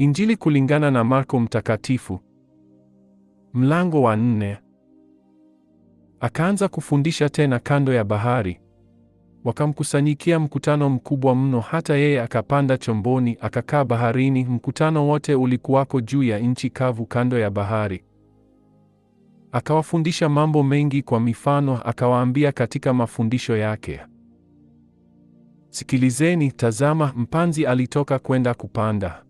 Injili kulingana na Marko Mtakatifu, mlango wa nne. Akaanza kufundisha tena kando ya bahari, wakamkusanyikia mkutano mkubwa mno, hata yeye akapanda chomboni akakaa baharini. Mkutano wote ulikuwako juu ya nchi kavu kando ya bahari. Akawafundisha mambo mengi kwa mifano, akawaambia katika mafundisho yake, Sikilizeni, tazama, mpanzi alitoka kwenda kupanda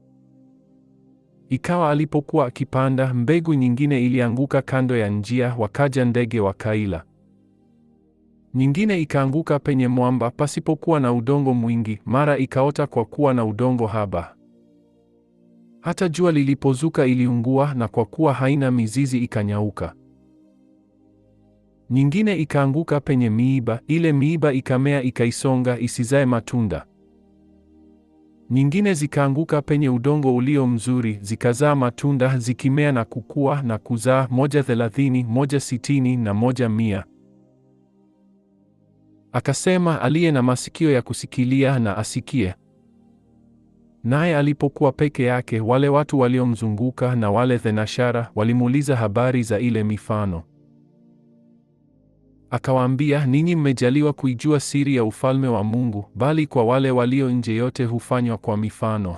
Ikawa alipokuwa akipanda, mbegu nyingine ilianguka kando ya njia, wakaja ndege wakaila. Nyingine ikaanguka penye mwamba pasipokuwa na udongo mwingi, mara ikaota kwa kuwa na udongo haba. Hata jua lilipozuka iliungua, na kwa kuwa haina mizizi ikanyauka. Nyingine ikaanguka penye miiba, ile miiba ikamea, ikaisonga isizae matunda nyingine zikaanguka penye udongo ulio mzuri, zikazaa matunda, zikimea na kukua na kuzaa moja thelathini, moja sitini na moja mia. Akasema, aliye na masikio ya kusikilia na asikie. Naye alipokuwa peke yake, wale watu waliomzunguka na wale thenashara walimuuliza habari za ile mifano. Akawaambia, ninyi mmejaliwa kuijua siri ya ufalme wa Mungu, bali kwa wale walio nje yote hufanywa kwa mifano,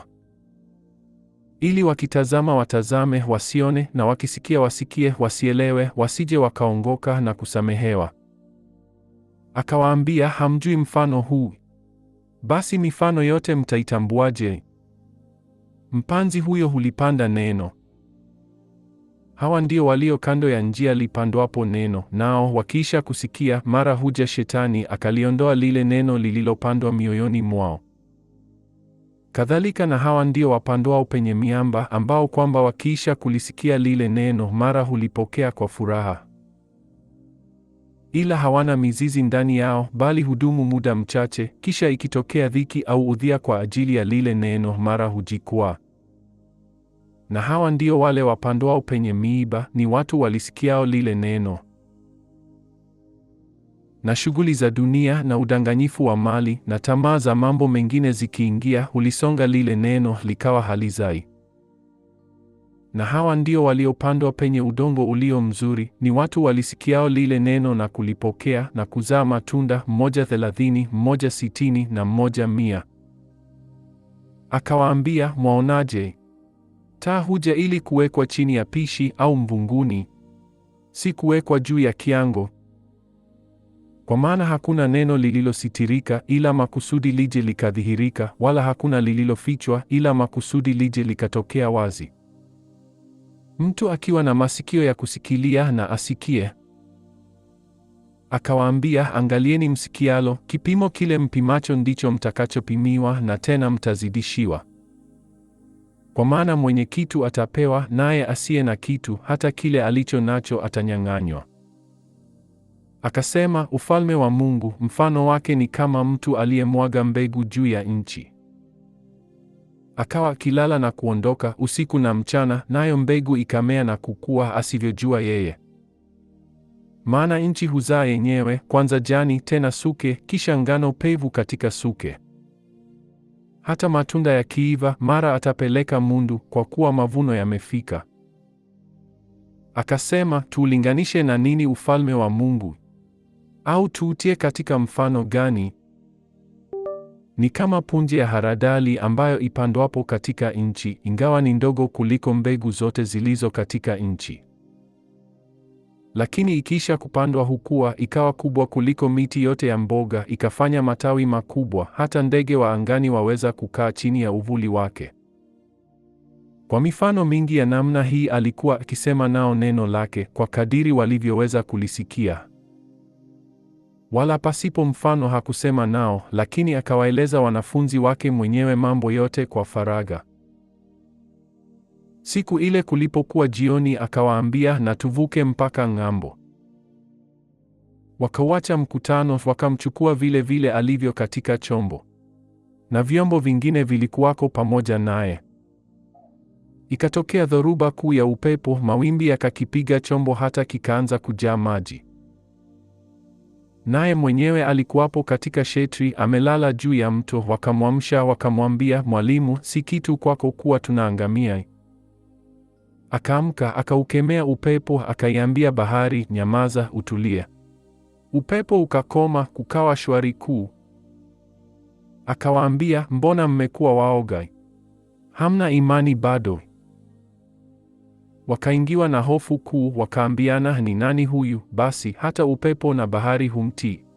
ili wakitazama watazame wasione, na wakisikia wasikie wasielewe, wasije wakaongoka na kusamehewa. Akawaambia, hamjui mfano huu? Basi mifano yote mtaitambuaje? Mpanzi huyo hulipanda neno Hawa ndio walio kando ya njia lipandwapo neno, nao wakiisha kusikia, mara huja shetani akaliondoa lile neno lililopandwa mioyoni mwao. Kadhalika na hawa ndio wapandwao penye miamba, ambao kwamba wakiisha kulisikia lile neno, mara hulipokea kwa furaha, ila hawana mizizi ndani yao, bali hudumu muda mchache; kisha ikitokea dhiki au udhia kwa ajili ya lile neno, mara hujikwaa. Na hawa ndio wale wapandwao penye miiba, ni watu walisikiao lile neno na shughuli za dunia na udanganyifu wa mali na tamaa za mambo mengine zikiingia, hulisonga lile neno likawa halizai. Na hawa ndio waliopandwa penye udongo ulio mzuri, ni watu walisikiao lile neno na kulipokea na kuzaa matunda, mmoja thelathini, mmoja sitini na mmoja mia. Akawaambia, mwaonaje? Taa huja ili kuwekwa chini ya pishi au mvunguni, si kuwekwa juu ya kiango. Kwa maana hakuna neno lililositirika ila makusudi lije likadhihirika, wala hakuna lililofichwa ila makusudi lije likatokea wazi. Mtu akiwa na masikio ya kusikilia na asikie. Akawaambia, angalieni msikialo; kipimo kile mpimacho ndicho mtakachopimiwa, na tena mtazidishiwa. Kwa maana mwenye kitu atapewa, naye asiye na kitu, hata kile alicho nacho atanyang'anywa. Akasema, ufalme wa Mungu mfano wake ni kama mtu aliyemwaga mbegu juu ya nchi. Akawa akilala na kuondoka usiku na mchana, nayo mbegu ikamea na kukua, asivyojua yeye. Maana nchi huzaa yenyewe, kwanza jani, tena suke, kisha ngano pevu katika suke. Hata matunda yakiiva, mara atapeleka mundu, kwa kuwa mavuno yamefika. Akasema, tuulinganishe na nini ufalme wa Mungu? Au tuutie katika mfano gani? Ni kama punje ya haradali ambayo ipandwapo katika nchi, ingawa ni ndogo kuliko mbegu zote zilizo katika nchi. Lakini ikisha kupandwa hukua, ikawa kubwa kuliko miti yote ya mboga, ikafanya matawi makubwa, hata ndege wa angani waweza kukaa chini ya uvuli wake. Kwa mifano mingi ya namna hii alikuwa akisema nao neno lake kwa kadiri walivyoweza kulisikia. Wala pasipo mfano hakusema nao, lakini akawaeleza wanafunzi wake mwenyewe mambo yote kwa faragha. Siku ile kulipokuwa jioni, akawaambia, na tuvuke mpaka ng'ambo. Wakauacha mkutano, wakamchukua vile vile alivyo katika chombo, na vyombo vingine vilikuwako pamoja naye. Ikatokea dhoruba kuu ya upepo, mawimbi yakakipiga chombo hata kikaanza kujaa maji. Naye mwenyewe alikuwapo katika shetri amelala juu ya mto. Wakamwamsha wakamwambia, Mwalimu, si kitu kwako kuwa tunaangamia? Akaamka, akaukemea upepo, akaiambia bahari, nyamaza, utulia. Upepo ukakoma, kukawa shwari kuu. Akawaambia, mbona mmekuwa waoga? Hamna imani bado? Wakaingiwa na hofu kuu, wakaambiana, ni nani huyu? Basi hata upepo na bahari humtii.